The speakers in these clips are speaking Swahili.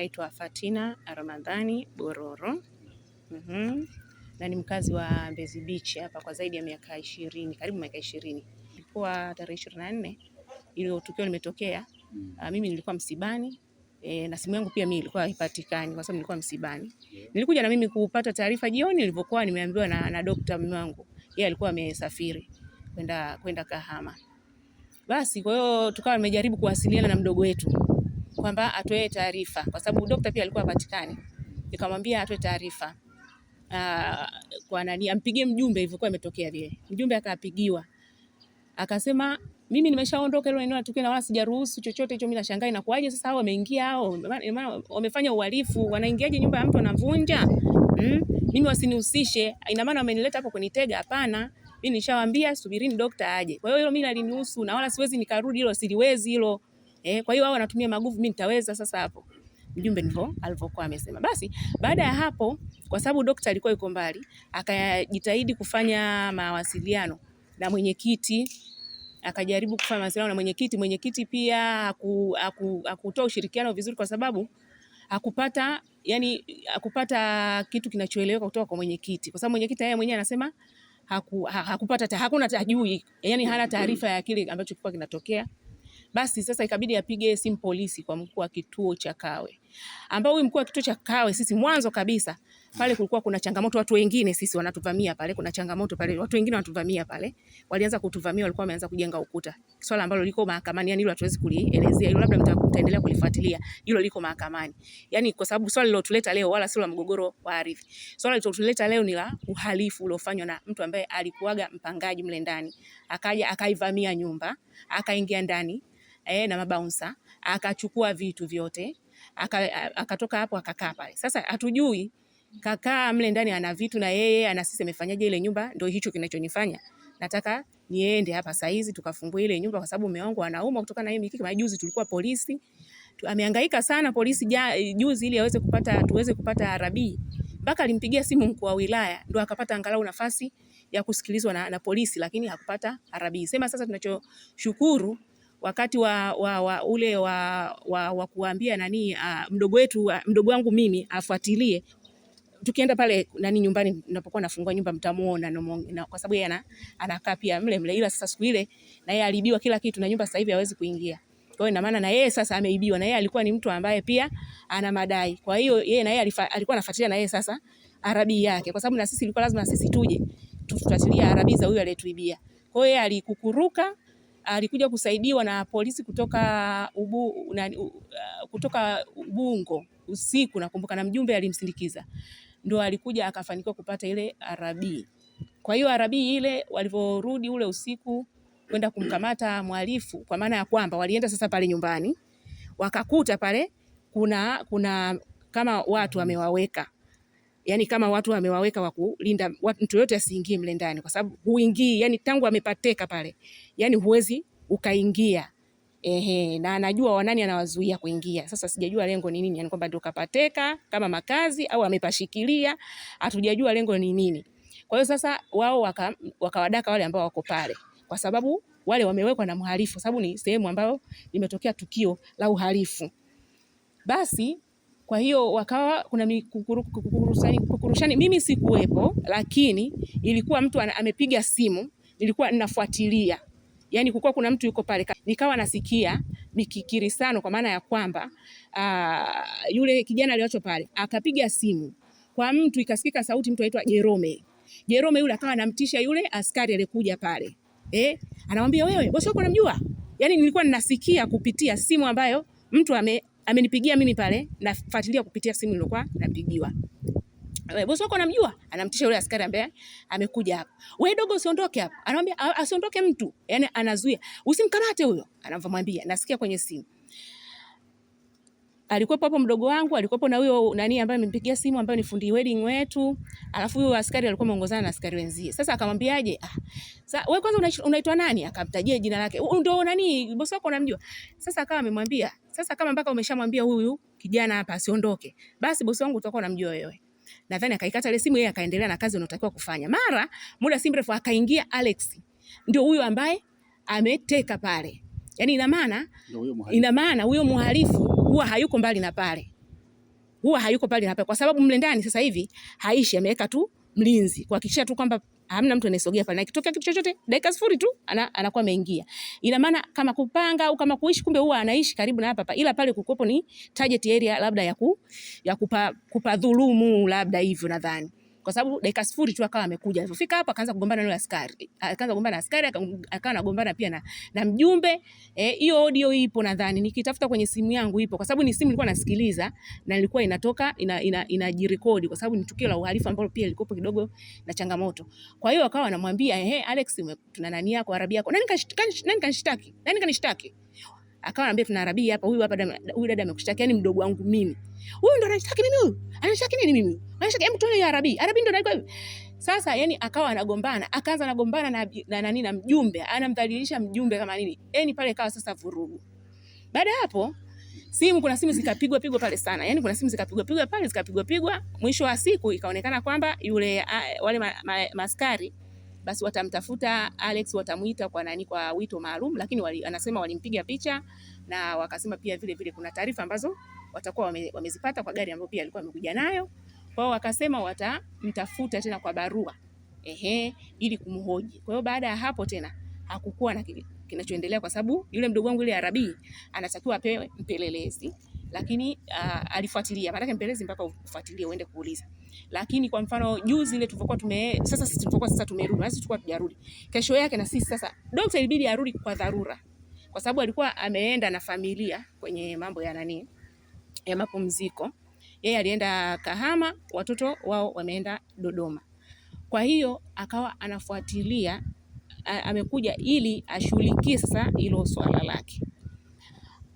naitwa Fatina Ramadhani Bororo mm -hmm. na ni mkazi wa Mbezi Beach hapa kwa zaidi ya miaka ishirini, karibu miaka ishirini. Ilikuwa tarehe ishirini na nne ilo tukio limetokea. mm. Ah, mimi nilikuwa msibani E, na simu yangu pia mimi ilikuwa haipatikani kwa sababu nilikuwa msibani. Nilikuja na mimi kupata taarifa jioni nilipokuwa nimeambiwa na, na dokta mume wangu. Yeye alikuwa amesafiri kwenda kwenda Kahama. Basi kwa hiyo tukawa tumejaribu kuwasiliana na mdogo wetu kwamba atoe taarifa, kwa sababu dokta pia alikuwa hapatikani. Nikamwambia atoe taarifa ah, kwa nani, ampigie mjumbe, hivyo kwa imetokea vile. Mjumbe akapigiwa akasema mimi nimeshaondoka hilo eneo la tukio na wala sijaruhusu chochote hicho. Mimi nashangaa inakuaje sasa, hao wameingia hao, maana wamefanya uhalifu, wanaingiaje nyumba ya mtu anavunja? Mm, mimi wasinihusishe, ina maana wamenileta hapo kunitega? Hapana, mimi nishawaambia subirini dokta aje. Kwa hiyo hilo mimi nalinihusu na wala siwezi nikarudi hilo, siliwezi hilo. Eh, kwa hiyo wao wanatumia maguvu, mimi nitaweza sasa hapo. Mjumbe ndivyo alivyokuwa amesema. Basi baada ya hapo, kwa sababu daktari alikuwa yuko mbali, akajitahidi kufanya mawasiliano na mwenyekiti akajaribu kufanya mawasiliano na mwenyekiti. Mwenyekiti pia hakutoa ushirikiano vizuri, kwa sababu hakupata yani, hakupata kitu kinachoeleweka kutoka kwa mwenyekiti, kwa sababu mwenyekiti yeye mwenyewe anasema hakupata hakuna, tajui yani, hana taarifa ya kile ambacho kilikuwa kinatokea. Basi sasa ikabidi apige simu polisi kwa mkuu wa kituo cha Kawe, ambao huyu mkuu wa kituo cha Kawe sisi mwanzo kabisa pale kulikuwa kuna changamoto, watu wengine sisi wanatuvamia pale, kuna changamoto pale, watu wengine wanatuvamia pale, walianza kutuvamia, walikuwa wameanza kujenga ukuta, swala ambalo liko mahakamani. Yani hilo hatuwezi kulielezea hilo, labda mtaendelea kulifuatilia hilo, liko mahakamani. Yani kwa sababu swala lilotuleta leo wala sio la mgogoro wa ardhi, swala lilotuleta leo ni la uhalifu uliofanywa na mtu ambaye alikuwaga mpangaji mle ndani, akaja akaivamia nyumba, akaingia ndani eh, na mabaunsa akachukua vitu vyote akatoka aka hapo akakaa pale. Sasa hatujui kakaa mle ndani ana vitu na yeye ana sisi amefanyaje ile nyumba. Ndio hicho kinachonifanya nataka niende hapa saa hizi tukafungue ile nyumba, kwa sababu mume wangu anauma kutoka na hiyo mikiki. Majuzi tulikuwa polisi, tu, amehangaika sana polisi ja, juzi, ili aweze kupata tuweze kupata arabii, mpaka alimpigia simu mkuu wa wilaya, ndio akapata angalau nafasi ya kusikilizwa na, na polisi, lakini hakupata arabii. Sema sasa tunachoshukuru wakati wa, wa, wa ule wa, wa, wa kuambia nani uh, mdogo wetu ah, mdogo wangu mimi afuatilie tukienda pale nani nyumbani, napokuwa nafungua nyumba mtamuona na, kwa sababu yeye anakaa pia mle mle, ila sasa siku ile na yeye alibiwa kila kitu na nyumba sasa hivi hawezi kuingia. Kwa hiyo ina maana na yeye sasa ameibiwa, na yeye alikuwa ni mtu ambaye pia ana madai. Kwa hiyo yeye na yeye alikuwa anafuatilia na yeye sasa arabi yake, kwa sababu na sisi ilikuwa lazima sisi tuje tufuatilie arabi za huyo aliyetuibia. Kwa hiyo yeye alikukuruka alikuja kusaidiwa na polisi kutoka ubu, na, uh, kutoka Ubungo usiku nakumbuka, na mjumbe alimsindikiza, ndio alikuja akafanikiwa kupata ile arabi Kwa hiyo arabi ile walivyorudi ule usiku kwenda kumkamata mhalifu, kwa maana ya kwamba walienda sasa pale nyumbani wakakuta pale kuna kuna kama watu wamewaweka yani kama watu wamewaweka wa kulinda mtu yote asiingie mle ndani, kwa sababu huingii, yani tangu amepateka pale, yani huwezi ukaingia. Ehe, na anajua wanani anawazuia kuingia. Sasa sijajua lengo ni nini, yani kwamba ndio kapateka kama makazi au amepashikilia, hatujajua lengo ni nini. Kwa hiyo sasa wao wakawadaka waka wale ambao wako pale, kwa sababu wale wamewekwa na mhalifu, sababu ni sehemu ambayo imetokea tukio la uhalifu basi kwa hiyo wakawa kuna mikukuru, kukurushani. Mimi sikuwepo, lakini ilikuwa mtu amepiga simu, nilikuwa ninafuatilia yani kukuwa kuna mtu yuko pale, nikawa nasikia mikikiri sana, kwa maana ya kwamba aa, yule kijana aliyoachwa pale akapiga simu kwa mtu, ikasikika sauti, mtu aitwa Jerome. Jerome yule akawa anamtisha yule askari aliyekuja pale eh, anamwambia wewe bosi wako unamjua. Yani nilikuwa ninasikia kupitia simu ambayo mtu ame amenipigia mimi pale, nafuatilia kupitia simu nilikuwa napigiwa. Wewe eh, bosi wako anamjua, Anamtisha yule askari ambaye amekuja hapa. Wewe dogo usiondoke hapa. Anamwambia asiondoke mtu. Yaani anazuia. Usimkamate huyo. Anamwambia nasikia kwenye simu. Alikuwepo hapo mdogo wangu, alikuwepo na huyo nani ambaye amempigia simu ambaye ni fundi welding wetu. Alafu huyo askari alikuwa ameongozana na askari wenzie. Sasa akamwambiaje? Ah, sasa wewe kwanza unaitwa nani? Akamtajia jina lake. Ndio nani? Bosi wako anamjua. Sasa akawa amemwambia sasa kama mpaka umeshamwambia huyu kijana hapa asiondoke, basi bosi wangu utakuwa unamjua wewe. Nadhani akaikata ile simu, yeye akaendelea na kazi unayotakiwa kufanya. Mara muda si mrefu akaingia Alex, ndio huyu ambaye ameteka pale. Yani ina maana ina maana huyo muhalifu huwa hayuko mbali na pale, huwa hayuko mbali na pale, kwa sababu mle ndani sasa hivi haishi, ameweka tu mlinzi kuhakikisha tu kwamba hamna mtu anayesogea pale, na kitokea kitu chochote, dakika sifuri tu ana, anakuwa ameingia. Ina maana kama kupanga au kama kuishi, kumbe huwa anaishi karibu na hapa hapa, ila pale kukopo ni target area labda ya ku, ya kupa, kupa dhulumu labda hivyo nadhani kwa sababu dakika sifuri tu akawa amekuja. Alipofika hapa akaanza kugombana na askari, akaanza kugombana na askari, akawa anagombana pia na na mjumbe. E, hiyo eh, audio ipo nadhani, nikitafuta kwenye simu yangu ipo, kwa sababu ni simu nilikuwa nasikiliza na nilikuwa inatoka ina, ina, kwa sababu ni tukio la uhalifu ambalo pia likopo kidogo na changamoto. Kwa hiyo akawa anamwambia ehe, Alex tuna nani yako, Arabi yako, nani kanishtaki, nani kanishtaki akawa anambia tuna arabi hapa, huyu hapa huyu dada amekushtaki, yani mdogo wangu mimi, huyu ndo anashtaki mimi, huyu anashtaki nini mimi, anashtaki, hebu tuone hiyo arabi harabia ndo hivi sasa. Yani akawa anagombana, akaanza anagombana na na nani na mjumbe, anamdhalilisha mjumbe kama nini, yani pale ikawa sasa vurugu. Baada hapo simu, kuna simu zikapigwa pigwa pale sana, yani kuna simu zikapigwa pigwa pale zikapigwa pigwa, mwisho wa siku ikaonekana kwamba yule a, wale ma, ma, ma, basi watamtafuta Alex, watamwita kwa nani, kwa wito maalum, lakini wali, anasema walimpiga picha na wakasema pia vile vile kuna taarifa ambazo watakuwa wame, wamezipata kwa gari ambayo pia alikuwa amekuja nayo hiyo wakasema watamtafuta tena kwa barua ehe, ili kumhoji. Kwa hiyo baada ya hapo tena hakukuwa na kinachoendelea kwa sababu yule mdogo wangu yule Arabi anatakiwa apewe mpelelezi, lakini uh, alifuatilia maanake mpelelezi mpaka ufuatilie uende kuuliza lakini kwa mfano juzi ile tulivyokuwa tume sasa sisi tulivyokuwa sasa tumerudi, sisi tulikuwa tujarudi. Kesho yake na sisi sasa dokta ilibidi arudi kwa dharura. Kwa sababu alikuwa ameenda na familia kwenye mambo ya nani? Ya mapumziko. Yeye alienda Kahama, watoto wao wameenda Dodoma. Kwa hiyo akawa anafuatilia amekuja ili ashughulikie sasa hilo swala lake.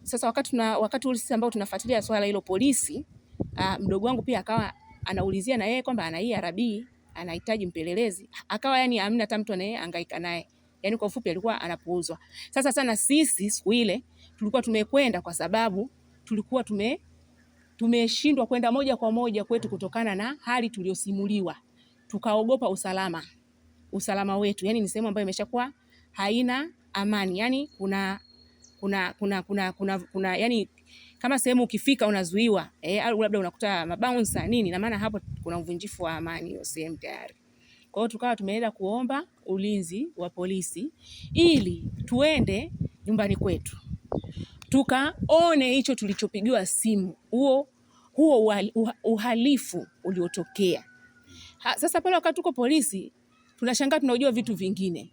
Sasa wakati tuna wakati ule sisi ambao tunafuatilia swala hilo polisi, mdogo wangu pia akawa anaulizia na yeye kwamba ana IRB e anahitaji mpelelezi, akawa yani amna hata mtu anayehangaika naye, yani kwa ufupi alikuwa anapuuzwa. Sasa sana sisi siku ile tulikuwa tumekwenda kwa sababu tulikuwa tume tumeshindwa kwenda moja kwa moja kwetu kutokana na hali tuliyosimuliwa, tukaogopa usalama usalama wetu. Yani ni sehemu ambayo imeshakuwa haina amani, yani kuna kuna kuna kuna kuna, kuna yani kama sehemu ukifika unazuiwa eh, au labda unakuta mabouncer nini, na maana hapo kuna uvunjifu wa amani hiyo sehemu tayari. Kwa hiyo tukawa tumeenda kuomba ulinzi wa polisi ili tuende nyumbani kwetu tukaone hicho tulichopigiwa simu, huo huo uhalifu uliotokea. Ha, sasa pale wakati tuko polisi tunashangaa tunajua vitu vingine.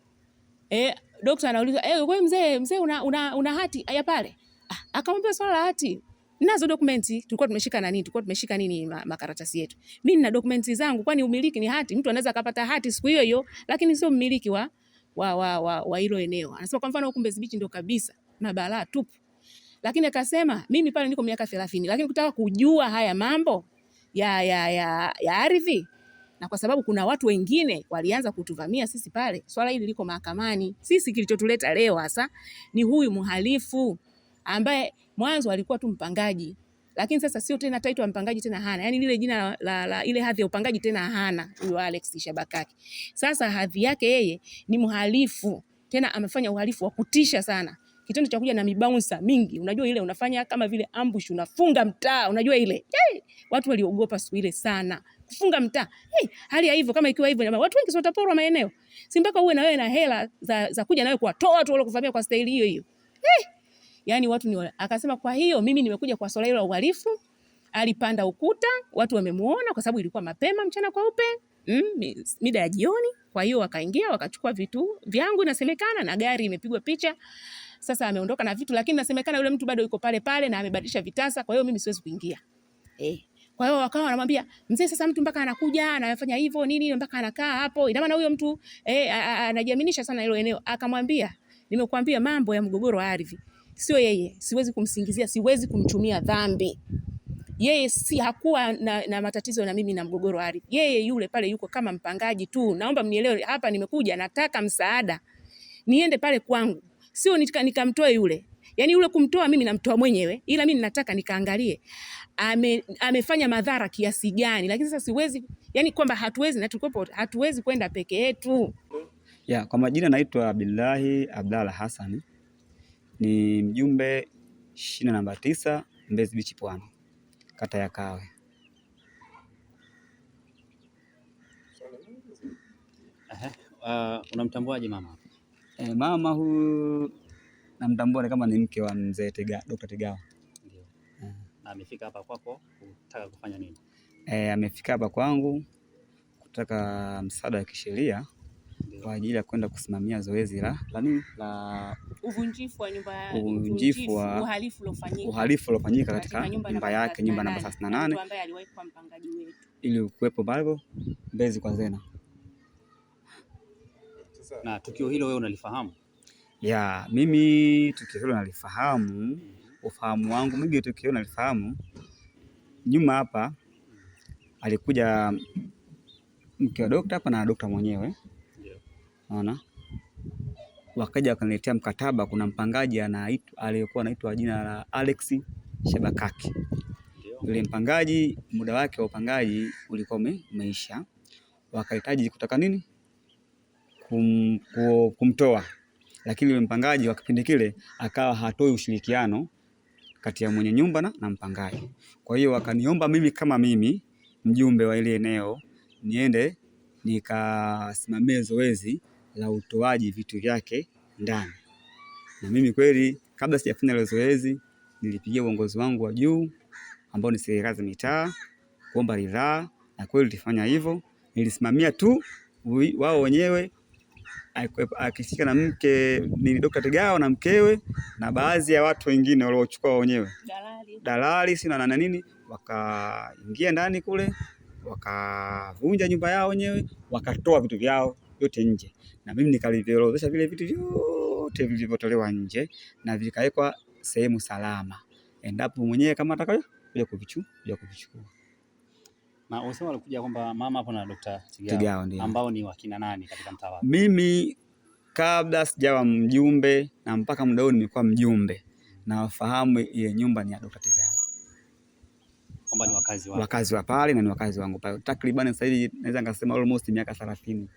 Eh, dokta anauliza, eh, wewe mzee mzee una, una, una hati ya pale? ah, akamwambia swala la hati nazo dokumenti tulikuwa tumeshika na nini, tulikuwa tumeshika nini makaratasi yetu. Mimi nina dokumenti zangu, kwani umiliki ni hati? Mtu anaweza akapata hati siku hiyo hiyo, lakini sio mmiliki wa wa wa wa, wa hilo eneo. Anasema kwa mfano huko Mbezi Beach ndio kabisa mabalaa tupu, lakini akasema mimi pale niko miaka 30 lakini nikitaka kujua haya mambo ya ya ya, ya ardhi na kwa sababu kuna watu wengine walianza kutuvamia sisi pale, swala hili liko mahakamani. Sisi kilichotuleta leo hasa ni huyu mhalifu ambaye mwanzo alikuwa tu mpangaji lakini sasa sio tena title ya mpangaji tena hana, yani lile jina la, la, la ile hadhi ya upangaji tena hana huyo Alex Shabakaki. Sasa hadhi yake yeye ni mhalifu, tena amefanya uhalifu wa kutisha sana, kitendo cha kuja na mibaunsa mingi. Unajua ile unafanya kama vile ambush, unafunga mtaa, unajua ile hey, watu waliogopa siku ile sana kufunga mtaa hey, hali ya hivyo kama ikiwa hivyo, watu wengi wataporwa maeneo, si mpaka uwe na wewe na hela za, za kuja nawe kuwatoa watu wale kuvamia kwa staili hiyo hiyo hey yani watu ni wala. Akasema kwa hiyo mimi nimekuja kwa swala hilo la uhalifu. Alipanda ukuta, watu wamemuona kwa sababu ilikuwa mapema mchana kwa upe mm, mida ya jioni. Kwa hiyo wakaingia wakachukua vitu vyangu nasemekana, na gari imepigwa picha. Sasa ameondoka na vitu, lakini nasemekana yule mtu bado yuko pale pale na amebadilisha vitasa, kwa hiyo mimi siwezi kuingia eh. Kwa hiyo wakawa wanamwambia mzee, sasa mtu mpaka anakuja anafanya hivyo nini, mpaka anakaa hapo, ina maana huyo mtu eh, anajiaminisha sana hilo eneo. Akamwambia, nimekuambia mambo ya mgogoro wa ardhi sio yeye, siwezi kumsingizia, siwezi kumtumia dhambi yeye si hakuwa na, na matatizo na mimi na mgogoro wa ardhi. Yeye yule pale yuko kama mpangaji tu. Naomba mnielewe hapa, nimekuja nataka msaada, niende pale kwangu, sio nikamtoe yule. Yani yule kumtoa mimi namtoa mwenyewe, ila mimi nataka nikaangalie ame, amefanya madhara kiasi gani. Lakini sasa siwezi yani kwamba hatuwezi na tulikopo hatuwezi kwenda peke yetu. Yeah, kwa majina naitwa Abdullahi Abdalla Hassan ni mjumbe shina namba tisa, Mbezi Beach Pwani, kata ya Kawe. Uh, unamtambuaje mama? E, mama huyu namtambua kama ni mke wa mzee Tiga, Dr. Tegawa. Ndio. Uh. Amefika hapa kwako kutaka kufanya nini? E, amefika hapa kwangu kutaka msaada wa kisheria kwa ajili ya kwenda kusimamia zoezi la la nini la uvunjifu wa nyumba, uvunjifu wa uhalifu uliofanyika katika nyumba yake, nyumba namba 38 ili kuwepo bado Mbezi kwa Zena. Na tukio hilo wewe unalifahamu? Ya, mimi tukio hilo nalifahamu, ufahamu wangu mimi tukio hilo nalifahamu. Nyuma hapa alikuja mke wa dokta hapa na dokta mwenyewe Unaona? Wakaja wakaniletea mkataba, kuna mpangaji aliyekuwa anaitwa jina la Alex Shabakaki. Yule mpangaji muda wake wa upangaji ulikuwa umeisha, wakahitaji kutaka nini kum, kumtoa, lakini yule mpangaji wa kipindi kile akawa hatoi ushirikiano kati ya mwenye nyumba na, na mpangaji. Kwa hiyo wakaniomba mimi kama mimi mjumbe wa ile eneo niende nikasimamie zoezi la utoaji vitu vyake ndani. Na mimi kweli, kabla sijafanya ile zoezi, nilipigia uongozi wangu wa juu ambao ni serikali za mitaa kuomba ridhaa, na kweli tulifanya hivyo. Nilisimamia tu wao wenyewe akifika na mke ni Dr. Tigao na mkewe na baadhi ya watu wengine waliochukua wenyewe dalali, dalali sina na nini, wakaingia ndani kule wakavunja nyumba yao wenyewe wakatoa vitu vyao yote nje, na mimi nikaliviorodhesha vile vitu vyote vilivyotolewa nje na vikawekwa sehemu salama, endapo mwenyewe kama atakayo kuja kuvichukua. Na usema alikuja kwamba mama hapo na Dr. Tigao ambao ni wakina nani katika mtaa wako? Mimi kabla sijawa mjumbe na mpaka muda huu nimekuwa mjumbe, nawafahamu ile nyumba ni ya Dr. Tigao kwamba ni wakazi wa wakazi wa pale na ni wakazi wangu pale. Takriban sasa hivi naweza ngasema almost miaka 30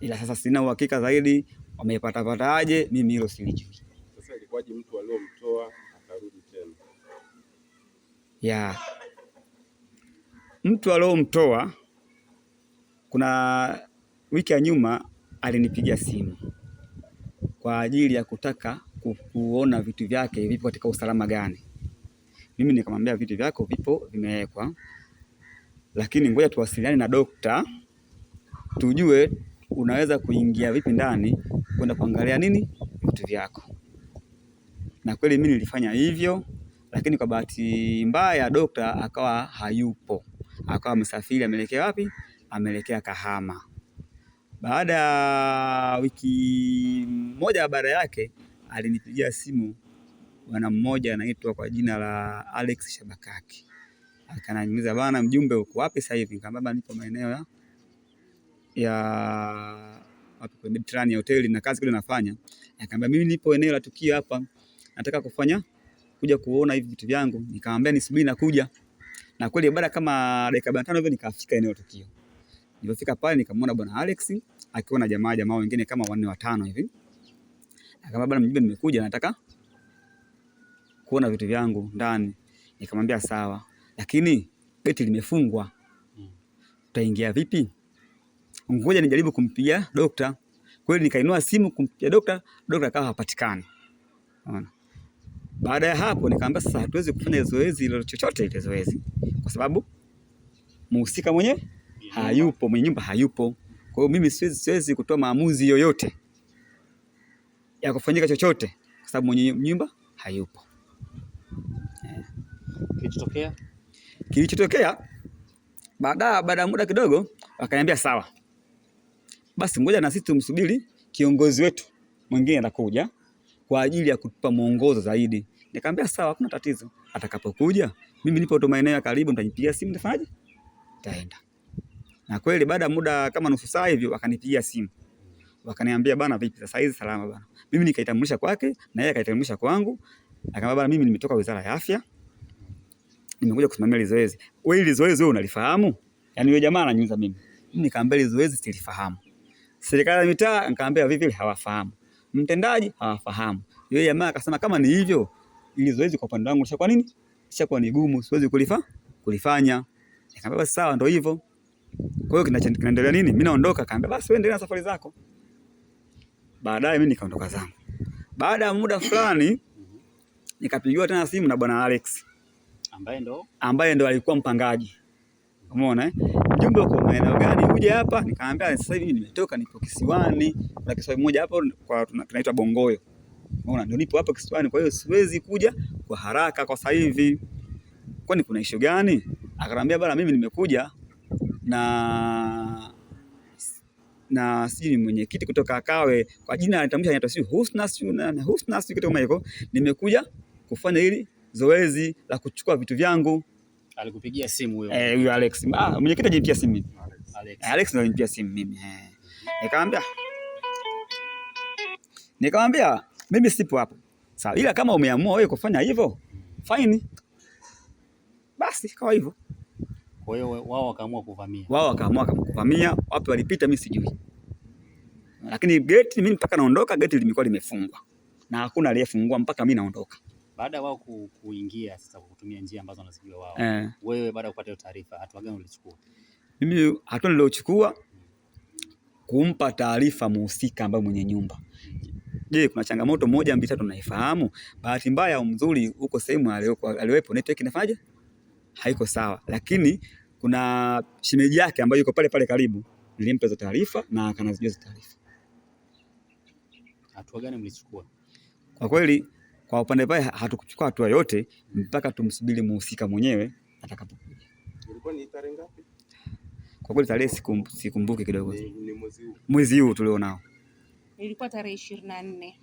ila sasa sina uhakika zaidi wamepata pataje, mimi hilo silijui. Sasa ilikuwaje mtu aliyomtoa akarudi tena? Yeah, mtu aliyomtoa kuna wiki ya nyuma alinipigia simu kwa ajili ya kutaka kuona vitu vyake vipo katika usalama gani mimi nikamwambia vitu vyako vipo vimewekwa, lakini ngoja tuwasiliane na dokta tujue unaweza kuingia vipi ndani kwenda kuangalia nini vitu vyako. Na kweli mimi nilifanya hivyo, lakini kwa bahati mbaya dokta akawa hayupo, akawa msafiri ameelekea wapi? Ameelekea Kahama. Baada ya wiki moja baada yake alinipigia simu bwana mmoja anaitwa kwa jina la Alex Shabakaki. akananiuliza, bwana mjumbe, uko wapi sasa hivi? Nikamwambia bwana, nipo maeneo ya ya wapi kwenye Mediterranean ya hoteli na kazi kile nafanya. Akaniambia mimi nipo eneo la tukio hapa. Nataka kufanya kuja kuona hivi vitu vyangu. Nikamwambia nisubiri na kuja. Na kweli baada kama dakika tano hivi nikafika eneo la tukio. Nilipofika pale nikamwona bwana Alex akiwa na jamaa jamaa wengine kama wanne watano hivi. Akamwambia bwana mjumbe, nimekuja nataka kuona vitu vyangu ndani. Nikamwambia sawa, lakini geti limefungwa, utaingia vipi? Ngoja nijaribu kumpigia dokta. Kweli nikainua simu kumpigia dokta, dokta akawa hapatikani. Unaona? Baada ya hapo nikaambia sasa hatuwezi kufanya zoezi lolote chochote ile zoezi. Kwa sababu muhusika mwenye hayupo, mwenye nyumba hayupo. Kwa hiyo mimi siwezi siwezi kutoa maamuzi yoyote ya kufanyika chochote kwa sababu mwenye nyumba hayupo. Kilichotokea kilichotokea, baada baada ya muda kidogo wakaniambia sawa, basi ngoja na sisi tumsubiri kiongozi wetu mwingine atakuja kwa ajili ya kutupa mwongozo zaidi. Nikamwambia sawa, hakuna tatizo, atakapokuja mimi nipo tu maeneo ya karibu, mtanipigia simu, nitafanyaje, nitaenda. Na kweli baada ya muda kama nusu saa hivi wakanipigia simu wakaniambia bana, vipi sasa hizi salama bana. Mimi nikaitambulisha kwake na yeye akaitambulisha kwangu, akamwambia bana, mimi nimetoka Wizara ya Afya nimekuja kusimamia ile zoezi. Wewe ile zoezi wewe unalifahamu? Yaani yule jamaa ananiuliza mimi. Mimi nikamwambia ile zoezi silifahamu. Serikali ya mitaa nikamwambia vivyo hawafahamu. Mtendaji hawafahamu. Yule jamaa akasema kama ni hivyo ile zoezi kwa upande wangu kwa nini? kwa ni gumu, siwezi kulifa kulifanya. Nikamwambia basi sawa ndio hivyo. Kwa hiyo kinachoendelea nini? Mimi naondoka. Kaambia basi wewe endelea na safari zako. Baadaye mimi nikaondoka zangu. Baada ya muda fulani nikapigiwa tena simu na bwana Alex ambaye ndo ambaye ndo alikuwa mpangaji. Umeona eh? Mjumbe uko maeneo gani? Uje hapa. Nikamwambia sasa hivi nimetoka, nipo kisiwani. na kisiwa kimoja hapo kwa tunaitwa Bongoyo. Umeona, ndio nipo hapa kisiwani, kwa hiyo siwezi kuja kwa haraka kwa sasa hivi. Kwani kuna issue gani? Akanambia bana, mimi nimekuja na na sijui ni mwenyekiti kutoka Kawe, kwa jina anatambulisha anaitwa si Husna, si Husna, si kitu kama hiyo. Nimekuja kufanya hili zoezi la kuchukua vitu vyangu. Alikupigia simu huyo eh, huyo Alex. Ah, mwenyekiti ajinipigia simu mimi. Alex, eh, Alex ndio alinipigia simu mimi eh. Nikamwambia nikamwambia mimi sipo hapo sawa, ila kama umeamua wewe kufanya hivyo fine, basi kawa hivyo. Kwa hiyo wao wakaamua kuvamia, wao wakaamua kuvamia. Wapi walipita mimi sijui, lakini geti mimi mpaka naondoka geti limekuwa limefungwa na hakuna aliyefungua mpaka mimi naondoka baada wao ku, kuingia sasa kwa kutumia njia ambazo wanazijua wao eh. Wewe baada ya kupata hiyo taarifa, hatua gani ulichukua? Mimi hatua niliochukua kumpa taarifa muhusika ambaye mwenye nyumba. Je, kuna changamoto moja mbili tatu naifahamu. Bahati mbaya au mzuri, huko sehemu aliyepo network inafanyaje, haiko sawa, lakini kuna shemeji yake ambayo yuko pale pale karibu, nilimpa hizo taarifa na akanazijua hizo taarifa. Hatua gani mlichukua? Kwa kweli kwa upande pale hatukuchukua hatua yote mpaka tumsubiri muhusika mwenyewe atakapokuja. Ilikuwa ni tarehe ngapi? Kwa kweli tarehe sikumbuki kidogo. Ni, Mwezi huu tulio nao. Ilikuwa tarehe 24.